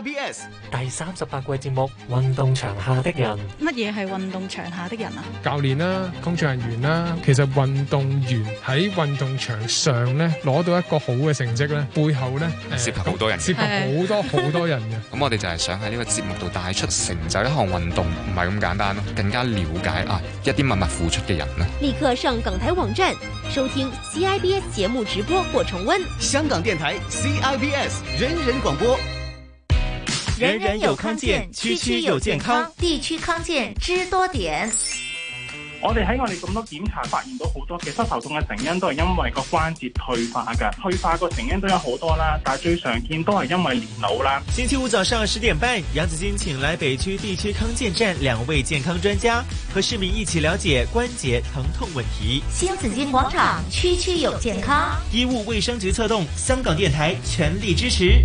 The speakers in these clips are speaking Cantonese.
CIBS 第三十八季節目《運動場下的人》，乜嘢係運動場下的人啊？教練啦、啊，工作人員啦、啊，其實運動員喺運動場上咧，攞到一個好嘅成績咧，背後咧涉及好多人，涉及好多好多人嘅。咁 我哋就係想喺呢個節目度帶出，成就一項運動唔係咁簡單咯、啊，更加了解啊一啲默默付出嘅人啦、啊。立刻上港台網站收聽 CIBS 節目直播或重溫。香港電台 CIBS 人人廣播。人人有康健，區區有健康，區區健康，地區康健知多點。我哋喺我哋咁多檢查，發現到好多，其實膝頭痛嘅成因都係因為個關節退化噶退化個成因都有好多啦，但係最常見都係因為年老啦。星期五早上十點半，楊子晶請來北區地區康健站兩位健康專家，和市民一起了解關節疼痛問題。新紫金廣場區區有健康，醫務衛生局策動，香港電台全力支持。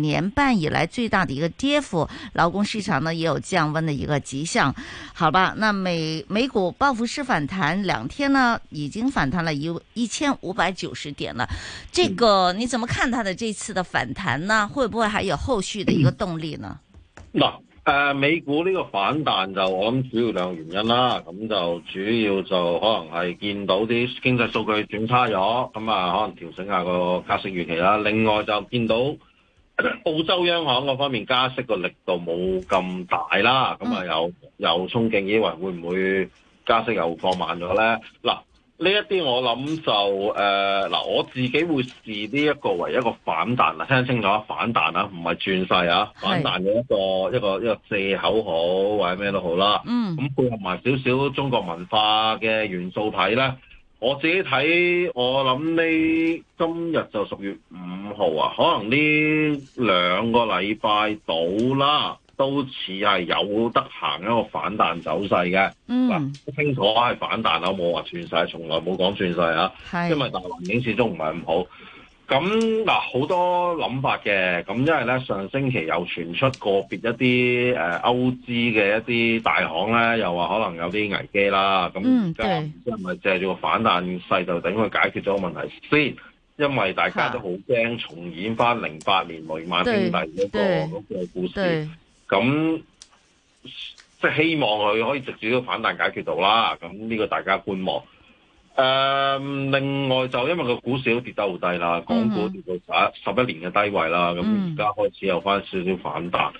年半以來最大的一個跌幅，勞工市場呢也有降溫的一個跡象，好吧？那美美股報復式反彈兩天呢，已經反彈了一一千五百九十點了。這個你怎麼看它的這次的反彈呢？會不會還有後續的一個動力呢？嗱，誒，美股呢個反彈就我諗主要有兩個原因啦，咁就主要就可能係見到啲經濟數據轉差咗，咁啊可能調整下個加息預期啦。另外就見到。澳洲央行嗰方面加息嘅力度冇咁大啦，咁啊又、嗯、又憧憬，以為會唔會加息又放慢咗咧？嗱，呢一啲我諗就誒，嗱、呃、我自己會視呢一個為一個反彈啦，聽得清楚啊？反彈啊，唔係轉勢啊，反彈嘅一個一個一個，一個借口好，或者咩都好啦。嗯，咁配合埋少少中國文化嘅元素睇咧。我自己睇，我諗呢今日就十月五號啊，可能呢兩個禮拜到啦，都似係有得行一個反彈走勢嘅。嗯、mm. 啊，清楚係反彈啊，冇話斷晒，從來冇講斷晒啊。係，因為大環境始終唔係咁好。咁嗱好多諗法嘅，咁因為咧上星期又傳出個別一啲誒、呃、歐資嘅一啲大行咧，又話可能有啲危機啦。咁即係咪借住個反彈勢，就等佢解決咗個問題先？因為大家都好驚重演翻零八年雷曼兄弟嗰個嗰個故事。咁即係希望佢可以藉住個反彈解決到啦。咁呢個大家觀望。誒、um，另外就因為個股市都跌得好低啦，港股跌到十一十一年嘅低位啦，咁而家開始有翻少少反彈。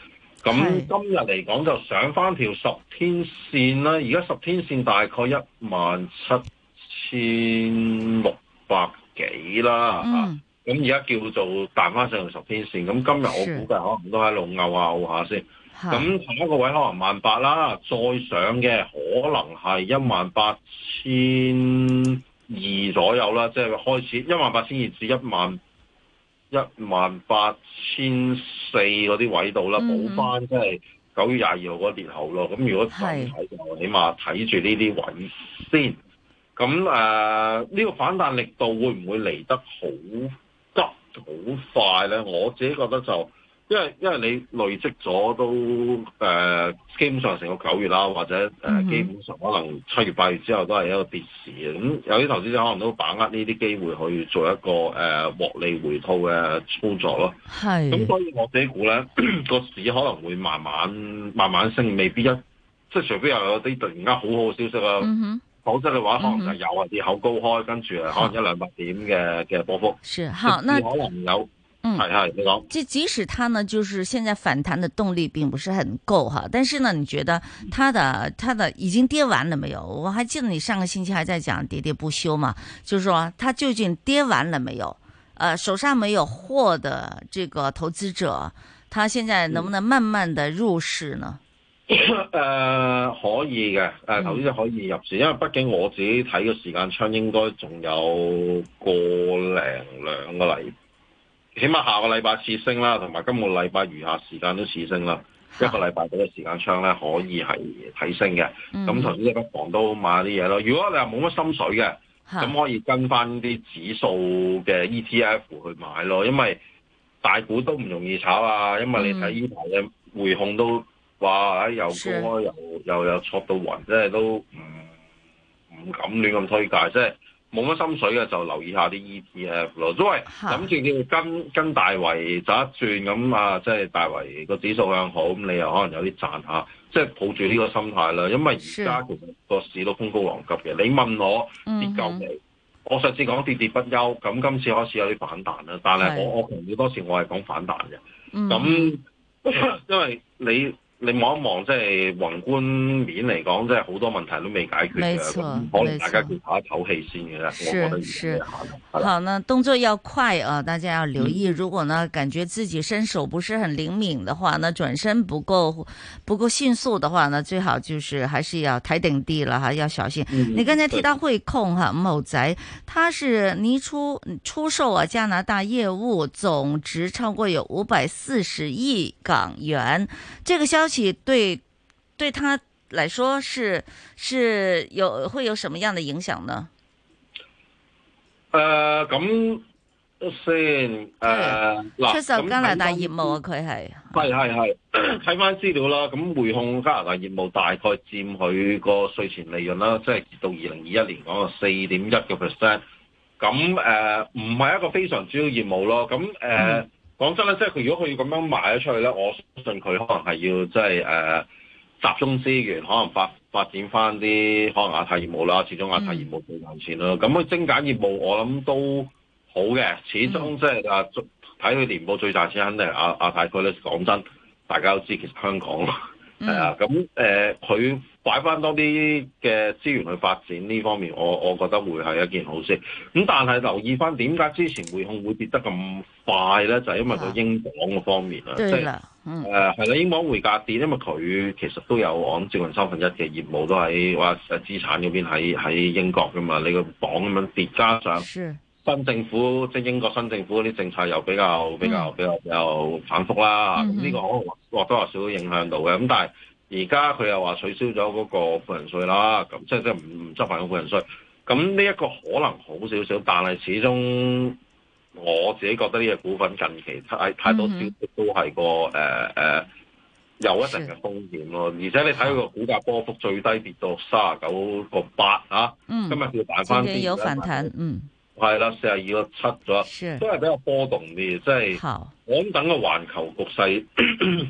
咁、嗯、今日嚟講就上翻條十天線啦，而家十天線大概一萬七千六百幾啦。咁而家叫做彈翻上去十天線，咁今日我估計可能都喺度拗下拗下先。咁同一個位可能萬八啦，再上嘅可能係一萬八千二左右啦，即係開始一萬八千二至一萬一萬八千四嗰啲位度啦，補翻即係九月廿二號嗰年頭咯。咁如果暫時睇我起碼睇住呢啲位先。咁誒，呢個反彈力度會唔會嚟得好？好快咧，我自己覺得就，因為因為你累積咗都誒、呃，基本上成個九月啦，或者、呃 mm -hmm. 基本上可能七月八月之後都係一個跌市嘅，咁有啲投資者可能都把握呢啲機會去做一個誒獲、呃、利回吐嘅操作咯。係。咁所以我自己估咧，個 市可能會慢慢慢慢升，未必一即係除非又有啲突然間好好消息啦、mm -hmm. 否則嘅話，可能就有啲好，嗯嗯、高開，跟住可能一兩百點嘅嘅波幅。是，好那可能有，嗯，係係，你講。即即使它呢，就是現在反彈的動力並不是很夠，哈，但是呢，你覺得它的它的已經跌完了沒有？我還記得你上個星期還在講跌跌不休嘛，就是說它究竟跌完了沒有？呃，手上沒有貨的這個投資者，他現在能不能慢慢的入市呢？嗯誒、 呃，可以嘅，誒，頭先就可以入市，因為畢竟我自己睇嘅時間窗應該仲有個零兩個禮，起碼下個禮拜次升啦，同埋今個禮拜餘下時間都次升啦，一個禮拜嗰個時間窗咧可以係睇升嘅。咁頭先一啲房都買啲嘢咯，如果你話冇乜心水嘅，咁可以跟翻啲指數嘅 E T F 去買咯，因為大股都唔容易炒啊，因為你睇呢排嘅匯控都。話唉又高又又有戳到暈，即係都唔唔、嗯、敢亂咁推介，即係冇乜心水嘅就留意下啲 ETF 囉。因為諗住正跟跟大圍走一轉咁啊，即係大圍個指數向好，咁你又可能有啲賺下，即係抱住呢個心態啦。因為而家其實個市都風高浪急嘅，你問我、嗯、跌夠未？我上次講跌跌不休，咁今次開始有啲反彈啦。但係我我同你多時我係講反彈嘅，咁、嗯、 因為你。你望一望，即、就、係、是、宏觀面嚟講，即係好多問題都未解決沒錯，可能大家唞一口氣先嘅啦、嗯。是，好，呢動作要快啊！大家要留意，嗯、如果呢，感覺自己身手不是很靈敏的話，呢、嗯、轉身不夠不夠迅速的話呢，最好就是還是要睇定啲啦，哈，要小心、嗯。你剛才提到匯控哈，某宅、啊，他是擬出出售、啊、加拿大業務總值超過有五百四十億港元，這個消息對對，對他來說是是有會有什麼樣的影響呢？誒、呃，咁先誒，嗱、呃，出售加拿大業務啊，佢係係係係，睇翻資料啦。咁匯控加拿大業務大概佔佢個稅前利潤啦，即係到二零二一年講啊，四點一個 percent。咁誒，唔係一個非常主要業務咯。咁誒。嗯。講真咧，即係佢如果佢要咁樣賣咗出去咧，我相信佢可能係要即係誒集中資源，可能發發展翻啲可能亞太業務啦，始終亞太業務最賺錢咯。咁、嗯、佢精簡業務，我諗都好嘅，始終、嗯、即係啊，睇佢年報最賺錢肯定係亞亞太區咧。講真，大家都知其實香港係啊，咁誒佢，呃擺翻多啲嘅資源去發展呢方面我，我我覺得會係一件好事。咁、嗯、但係留意翻點解之前匯控會跌得咁快咧？就係、是、因為佢英鎊嘅方面啊，即係誒係啦，英鎊匯價跌，因為佢其實都有按、嗯、接近三分一嘅業務都喺資產嗰邊喺喺英國噶嘛，你個鎊咁樣跌，加上新政府即係英國新政府嗰啲政策又比較、嗯、比較比較比較反覆啦，咁、嗯、呢、嗯這個可能或多或少影響到嘅。咁、嗯、但係。而家佢又話取消咗嗰個富人稅啦，咁即係即係唔唔執行個富人稅，咁呢一個可能好少少，但係始終我自己覺得呢隻股份近期太太多消息都係個誒誒、嗯呃、有一定嘅風險咯，而且你睇個股價波幅最低跌到三啊九個八啊，今日佢要彈翻啲，有反彈嗯。係啦，四十二個七咗，都係比較波動啲，即、就、係、是、我諗等個環球局勢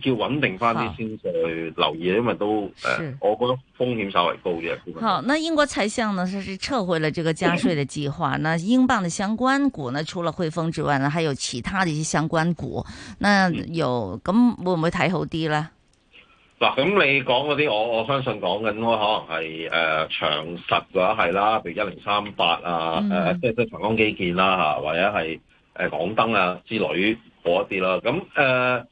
叫穩定翻啲先再留意，因為都誒、呃，我覺得風險稍微高啲。好，那英國財相呢，他是，是撤回了這個加稅的計劃。那 英鎊的相關股呢，除了匯豐之外呢，呢還有其他的一些相關股，那有咁會唔會睇好啲咧？嗱、啊，咁你講嗰啲，我我相信講緊咯，可能係誒長實嘅話係啦，譬如一零三八啊，即係即係長江基建啦、啊、或者係、呃、港燈啊之類、呃、好一啲啦。咁誒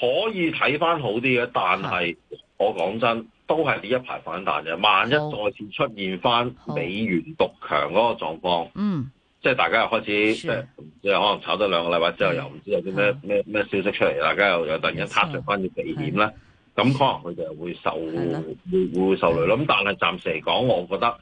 可以睇翻好啲嘅，但係我講真，都係呢一排反彈嘅。萬一再次出現翻美元獨強嗰個狀況，嗯。即係大家又開始，即係唔知可能炒咗兩個禮拜之後，又唔知道有啲咩咩咩消息出嚟，大家又又突然間躊躇翻要避險啦。咁可能佢哋就會受，會會受累咯。咁但係暫時嚟講，我覺得。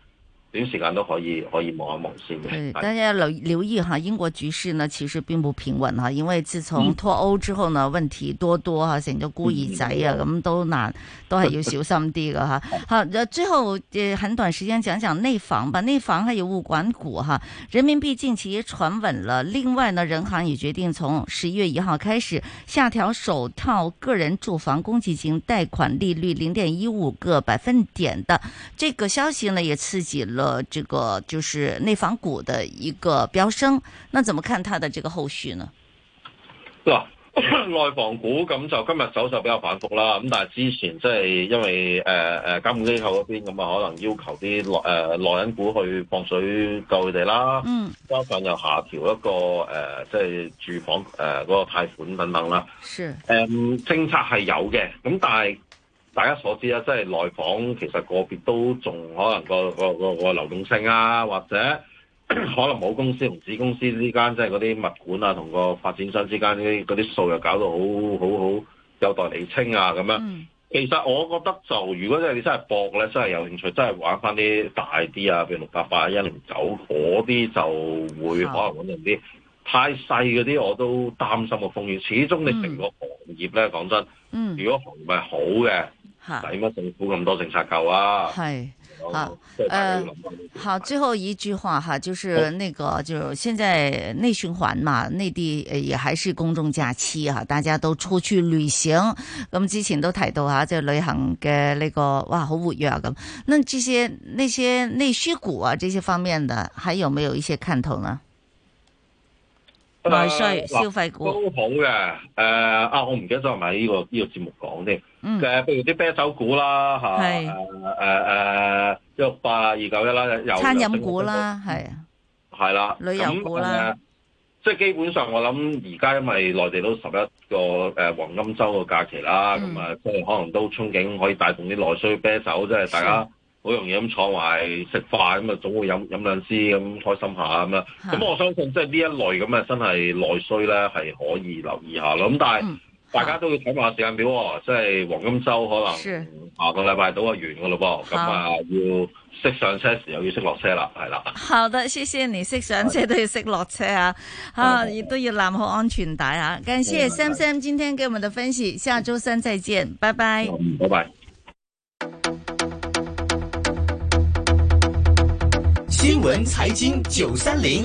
短時間都可以可以望一望先，大家留留意哈，英國局勢呢，其實並不平穩哈，因為自從脫歐之後呢、嗯，問題多多哈，成咗孤兒仔啊，咁、嗯、都難，嗯、都係要小心啲噶哈。 好，最後嘅很短時間講講內房吧，內房還有物管股哈，人民幣近期也傳穩了，另外呢，人行也決定從十一月一號開始下調首套個人住房公積金貸款利率零點一五個百分點的，這個消息呢也刺激了。呃，這個就是內房股的一個飆升，那怎麼看它的這個後續呢？嗱，內房股咁就今日走勢比較反覆啦，咁但係之前即係因為誒誒，監管機構嗰邊咁啊，可能要求啲內誒內銀股去放水救佢哋啦。嗯，加上又下調一個誒，即係住房誒嗰個貸款等等啦。是，誒政策係有嘅，咁但係，大家所知啊，即係內房其實個別都仲可能個個個,個流動性啊，或者可能母公司同子公司之間即係嗰啲物管啊，同個發展商之間啲嗰啲數又搞到好好好有待釐清啊咁樣。其實我覺得就如果即係你真係搏咧，真係有興趣，真係玩翻啲大啲啊，譬如六八八、一零九嗰啲就會可能穩定啲。太細嗰啲我都擔心個風險。始終你成個行業咧，講、嗯、真，如果行業係好嘅。使乜政府咁多政策救啊？係好誒，好,、呃、好最後一句話哈，就是那個就現在內循環嘛，內地也還是公眾假期、啊、大家都出去旅行。咁之前都提到吓、啊，即係旅行嘅呢、呢個，哇好活躍咁。那這些那些內需股啊，這些方面的，還有沒有一些看頭呢？內、啊、需、啊、消費股都好嘅，誒啊,啊，我唔記得咗係咪呢個呢、呢個節目講啲。嗯，誒，譬如啲啤酒股啦，嚇，誒誒誒，即係一六八、二九一啦，有。餐飲股啦，係。係啦、啊啊。旅遊股啦。即係基本上，我諗而家因為內地都十一個誒黃金周嘅假期啦，咁、嗯、啊，即係可能都憧憬可以帶動啲內需啤酒，即係、就是、大家好容易咁坐埋食飯，咁啊，總會飲飲，飲兩支咁開心下咁樣。咁我相信即係呢一類咁啊，真係內需咧係可以留意下咯。咁但係。嗯大家都要睇下時間表，即係黃金周可能是下、啊、個禮拜到就完噶咯噃，咁啊、嗯、要識上車時又要識落車啦，係啦。好的，謝謝你識上車都要識落車啊，啊亦都要攬好安全帶啊。感謝 Sam Sam，今天給我們的分析，下周三再見，拜拜，拜拜。新聞財經九三零。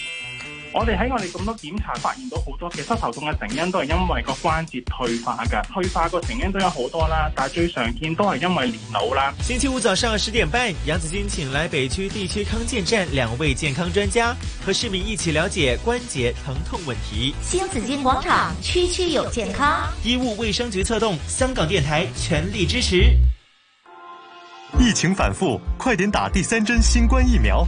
我哋喺我哋咁多檢查發現到好多，其實頭痛嘅成因都係因為個關節退化嘅，退化個成因都有好多啦，但係最常見都係因為年老啦。星期五早上十點半，楊子君請來北區地區康健站兩位健康專家，和市民一起了解關節疼痛問題。新子金廣場區區有健康，醫務衛生局策動，香港電台全力支持。疫情反覆，快點打第三針新冠疫苗。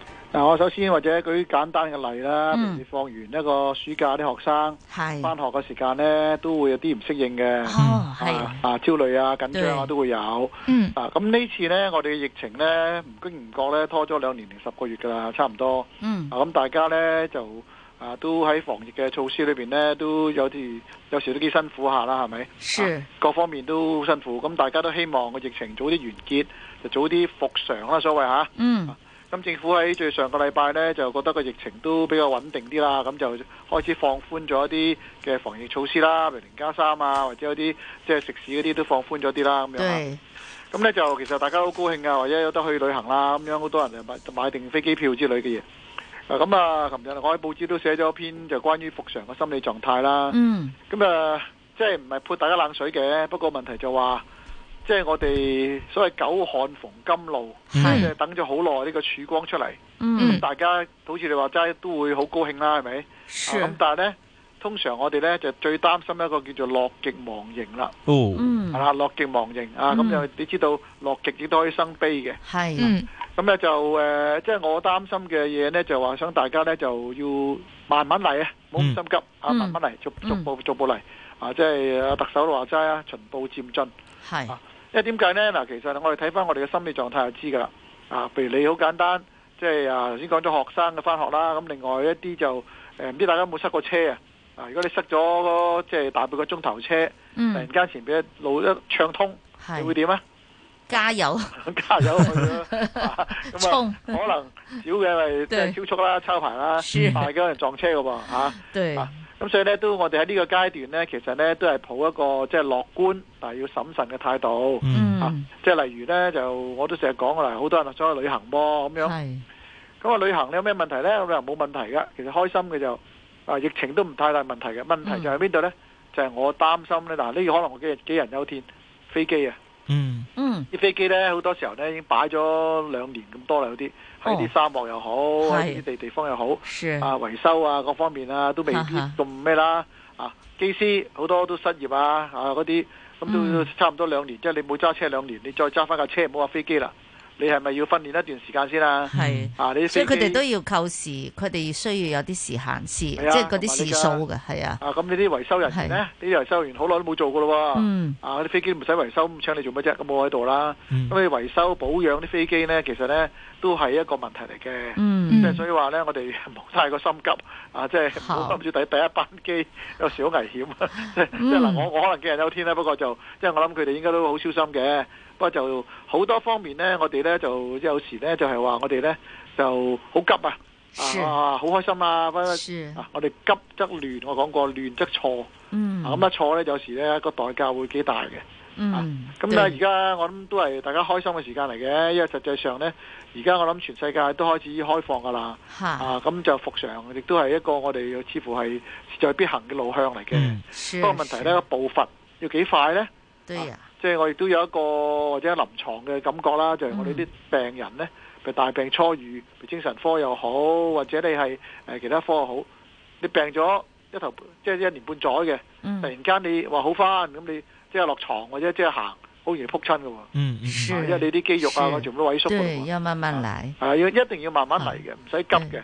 嗱、啊，我首先或者舉簡單嘅例啦，譬如放完一個暑假啲學生，翻、嗯、學嘅時間咧、哦啊啊啊，都會有啲唔適應嘅，啊焦慮啊緊張啊都會有。啊，咁呢次咧，我哋嘅疫情咧唔經唔覺咧拖咗兩年零十個月噶啦，差唔多、嗯。啊，咁大家咧就啊都喺防疫嘅措施裏邊咧都有啲有時都幾辛苦下啦，係咪、啊？各方面都好辛苦，咁、啊、大家都希望個疫情早啲完結，就早啲復常啦，所謂吓、啊。嗯。咁政府喺最上個禮拜呢，就覺得個疫情都比較穩定啲啦，咁就開始放寬咗一啲嘅防疫措施啦，譬如零加三啊，或者一啲即係食肆嗰啲都放寬咗啲啦，咁樣。咁呢就其實大家好高興啊，或者有得去旅行啦，咁樣好多人就買，買定飛機票之類嘅嘢。咁啊，琴日我喺報紙都寫咗一篇就關於復常嘅心理狀態啦。嗯。咁啊，即係唔係潑大家冷水嘅？不過問題就話。即係我哋所謂久旱逢甘露，即係等咗好耐呢個曙光出嚟。咁、嗯、大家好似你話齋，都會好高興啦，係咪？咁、啊、但係咧，通常我哋咧就最擔心一個叫做樂極忘形啦、哦。嗯、係、啊、啦，樂極忘形、嗯、啊！咁就你知道樂極亦都可以生悲嘅。係，咁、嗯、咧就誒，即、呃、係、就是、我擔心嘅嘢咧，就話、是、想大家咧就要慢慢嚟啊，唔好咁心急、嗯、啊，慢慢嚟、嗯啊，就逐步逐步嚟啊！即係特首話齋啊，循步漸進。係。啊因為點解呢？嗱，其實我哋睇翻我哋嘅心理狀態就知噶啦。啊，譬如你好簡單，即係啊，頭先講咗學生嘅返學啦。咁另外一啲就誒唔知大家有冇塞過車啊？啊，如果你塞咗即係大半個鐘頭車、嗯，突然間前邊路一暢通，你會點啊？加油！ 加油！衝、 啊！可能少嘅咪即係超速啦、抄牌啦、變牌嘅人撞車嘅噃嚇。啊對啊咁所以咧，都我哋喺呢個階段咧，其實咧都係抱一個即係樂觀，但係要審慎嘅態度。嗯，啊，即係例如咧，就我都成日講過嚟，好多人想去旅行噃，咁樣。係。咁啊，旅行咧有咩問題咧？旅行冇問題㗎。其實開心嘅就啊，疫情都唔太大問題嘅。問題就喺邊度咧？就係、是、我擔心咧。嗱、啊，呢個可能我杞人杞人憂天，飛機啊。嗯。嗯。啲飛機咧，好多時候咧已經擺咗兩年咁多啦，有啲。喺啲沙漠又好，喺、oh, 啲地地方又好，啊維修啊各方面啊都未必咁咩啦，uh -huh. 啊機師好多都失業啊，啊嗰啲咁都差唔多兩年，即、mm. 係你冇揸車兩年，你再揸翻架車唔好話飛機啦。你係咪要訓練一段時間先、啊、啦？係啊你，所以佢哋都要扣時，佢哋需要有啲時限時，時、啊、即係嗰啲時數嘅，係、這個、啊，啊。啊，咁呢啲維修人員咧，呢啲維修員好耐都冇做過咯、啊。嗯。啊，啲飛機唔使維修，咁請你做乜啫？咁我喺度啦。咁、嗯、你維修保養啲飛機咧，其實咧都係一個問題嚟嘅。即、嗯、係、就是、所以話咧，我哋冇太過心急。啊，即係冇諗住睇第一班機有小危險。嗯。即係嗱，我我可能杞人憂天啦，不過就即係我諗佢哋應該都好小心嘅。不過就好多方面呢，我哋呢就有時呢，就係、是、話我哋呢就好急啊，啊好、啊、開心啊，我哋急則亂，我講過亂則錯，咁、嗯、啊錯、嗯嗯啊、呢，有時呢個代價會幾大嘅。咁但係而家我諗都係大家開心嘅時間嚟嘅因為實際上呢，而家我諗全世界都開始開放噶啦，啊咁就復常亦都係一個我哋似乎志在必行嘅路向嚟嘅。不、嗯、過問題呢，步伐要幾快呢？對啊啊即係我亦都有一個或者是臨床嘅感覺啦，就係、是、我哋啲病人呢，譬如大病初愈，譬如精神科又好，或者你係誒其他科又好，你病咗一頭即係、就是、一年半載嘅、嗯，突然間你話好返，咁你即係落床，或者即係行，好容易撲親㗎喎。嗯，因為你啲肌肉啊，全部都萎縮嘅嘛。對，要慢慢嚟。一定要慢慢嚟嘅，唔使急嘅。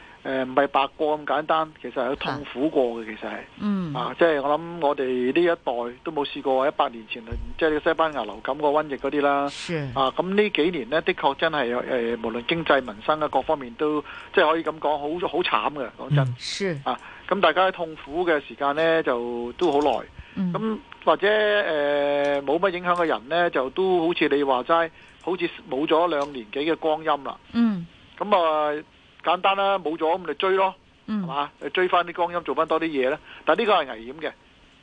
誒、呃，唔係白過咁簡單，其實係痛苦過嘅，其實係，啊，即係我諗我哋呢一代都冇試過，一百年前即係西班牙流感個瘟疫嗰啲啦是，啊，咁呢幾年呢，的確真係誒、呃，無論經濟民生啊各方面都，即係可以咁講，好好慘嘅，講真、嗯是，啊，咁大家痛苦嘅時間呢，就都好耐，咁、嗯、或者誒冇乜影響嘅人呢，就都好似你話齋，好似冇咗兩年幾嘅光陰啦，咁、嗯、啊。簡單啦，冇咗咁咪追咯，係、嗯、嘛，追翻啲光陰，做翻多啲嘢啦。但呢個係危險嘅，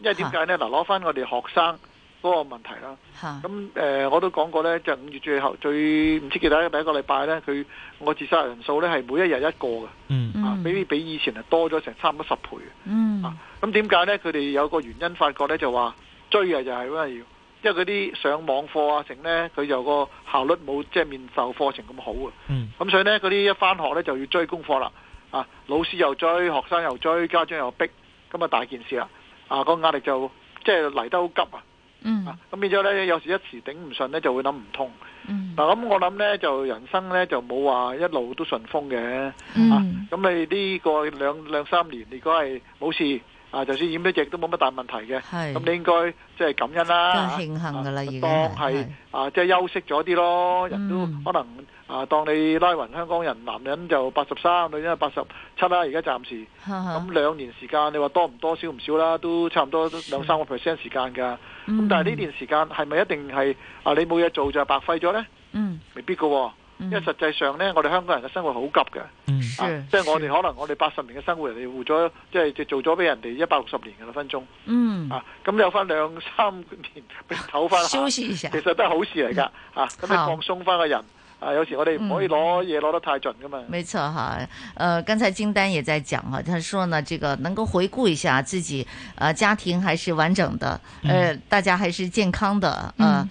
因為點解呢？嗱、啊，攞翻我哋學生嗰個問題啦。咁、啊、誒、啊呃，我都講過呢，就五、是、月最後最唔知記得第一個禮拜呢，佢我自殺人數呢係每一日一個嘅、嗯，啊，比比以前多咗成差唔多十倍。嗯，咁點解呢？佢哋有個原因發覺呢，就話追呀，就係因為。因為嗰啲上網課啊，成咧，佢就個效率冇即係面授課程咁好啊，咁、嗯、所以咧，嗰啲一返學咧，就要追功課啦，啊，老師又追，學生又追，家長又逼，咁啊大件事啦、啊，啊個壓力就即係嚟得好急啊，咁、嗯啊、變咗咧，有時一時頂唔順咧，就會諗唔通，嗱、嗯、咁、啊、我諗咧，就人生咧，就冇話一路都順風嘅，咁、嗯啊、你呢個兩兩三年如果係冇事。啊！就算染咗疫都冇乜大問題嘅，咁你應該即係感恩啦，慶幸，而家當係啊，即係休息咗啲咯、嗯。人都可能啊，當你拉匀香港人，男人就八十三，女人八十七啦。而家暫時咁兩年時間，你話多唔多，少唔少啦，都差唔多兩三個 percent 時間噶。咁、嗯、但係呢段時間係咪一定係啊？你冇嘢做就白費咗呢？嗯，未必噶。因為實際上咧，我哋香港人嘅生活好急嘅、嗯，啊，即係、就是、我哋可能我哋八十年嘅生活，你就是、人哋活咗，即係做咗俾人哋一百六十年嘅分鐘、嗯，啊，咁有翻兩三年俾唞翻休息一下，其實都係好事嚟噶，吓、嗯、咁、啊、放鬆翻個人，啊，有時我哋唔可以攞嘢攞得太盡噶嘛。冇、嗯、錯吓，誒，剛、呃、才金丹也在講吓，他說呢，這個能夠回顧一下自己，誒、呃，家庭還是完整的，誒、嗯呃，大家還是健康的，啊、嗯。呃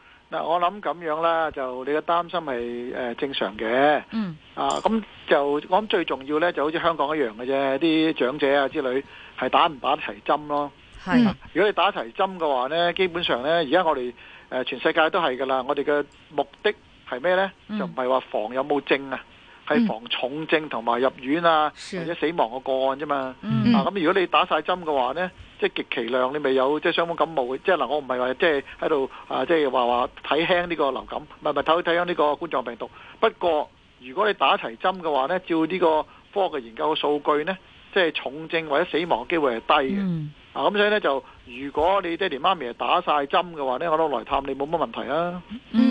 嗱，我諗咁樣啦，就你嘅擔心係誒正常嘅。嗯。啊，咁就我諗最重要咧，就好似香港一樣嘅啫，啲長者啊之類，係打唔打齊針咯？係。如果你打齊針嘅話咧，基本上咧，而家我哋誒全世界都係噶啦。我哋嘅目的係咩咧？就唔係話防有冇症啊，係防重症同埋入院啊，或者死亡嘅個案啫嘛。嗯。啊，咁如果你打曬針嘅話咧，即係極其量，你咪有即係傷風感冒嘅。即係嗱，我唔係話即係喺度啊，即係話話睇輕呢個流感，唔係唔係睇睇輕呢個冠狀病毒。不過如果你打齊針嘅話咧，照呢個科學嘅研究嘅數據咧，即係重症或者死亡嘅機會係低嘅。嗯。啊，咁所以咧就，如果你爹哋媽咪係打晒針嘅話咧，我都來探你冇乜問題啊。嗯。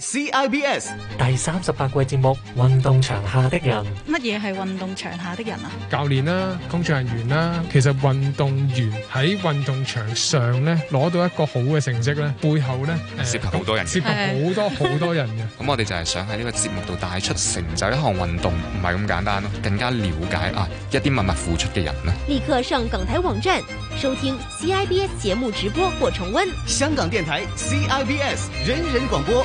CIBS 第三十八季節目《運動場下的人》啊，乜嘢係運動場下的人啊？教練啦、啊，工作人員啦、啊，其實運動員喺運動場上咧，攞到一個好嘅成績咧，背後咧涉及好多人，涉及好多好多人嘅。咁 我哋就係想喺呢個節目度帶出成就一項運動唔係咁簡單咯、啊，更加了解啊一啲默默付出嘅人啦、啊。立刻上港台網站收聽 CIBS 節目直播或重溫。香港電台 CIBS 人人廣播。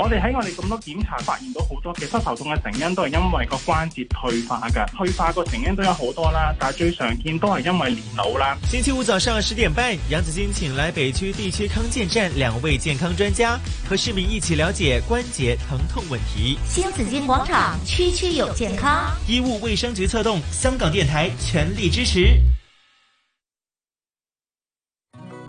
我哋喺我哋咁多檢查發現到好多嘅膝頭痛嘅成因都係因為個關節退化嘅，退化個成因都有好多啦，但係最常見都係因為年老啦。星期五早上十點半，新紫荊請來北區地區康健站兩位健康專家，和市民一起了解關節疼痛問題。新紫荊廣場區區有健康，醫務衛生局策動，香港電台全力支持。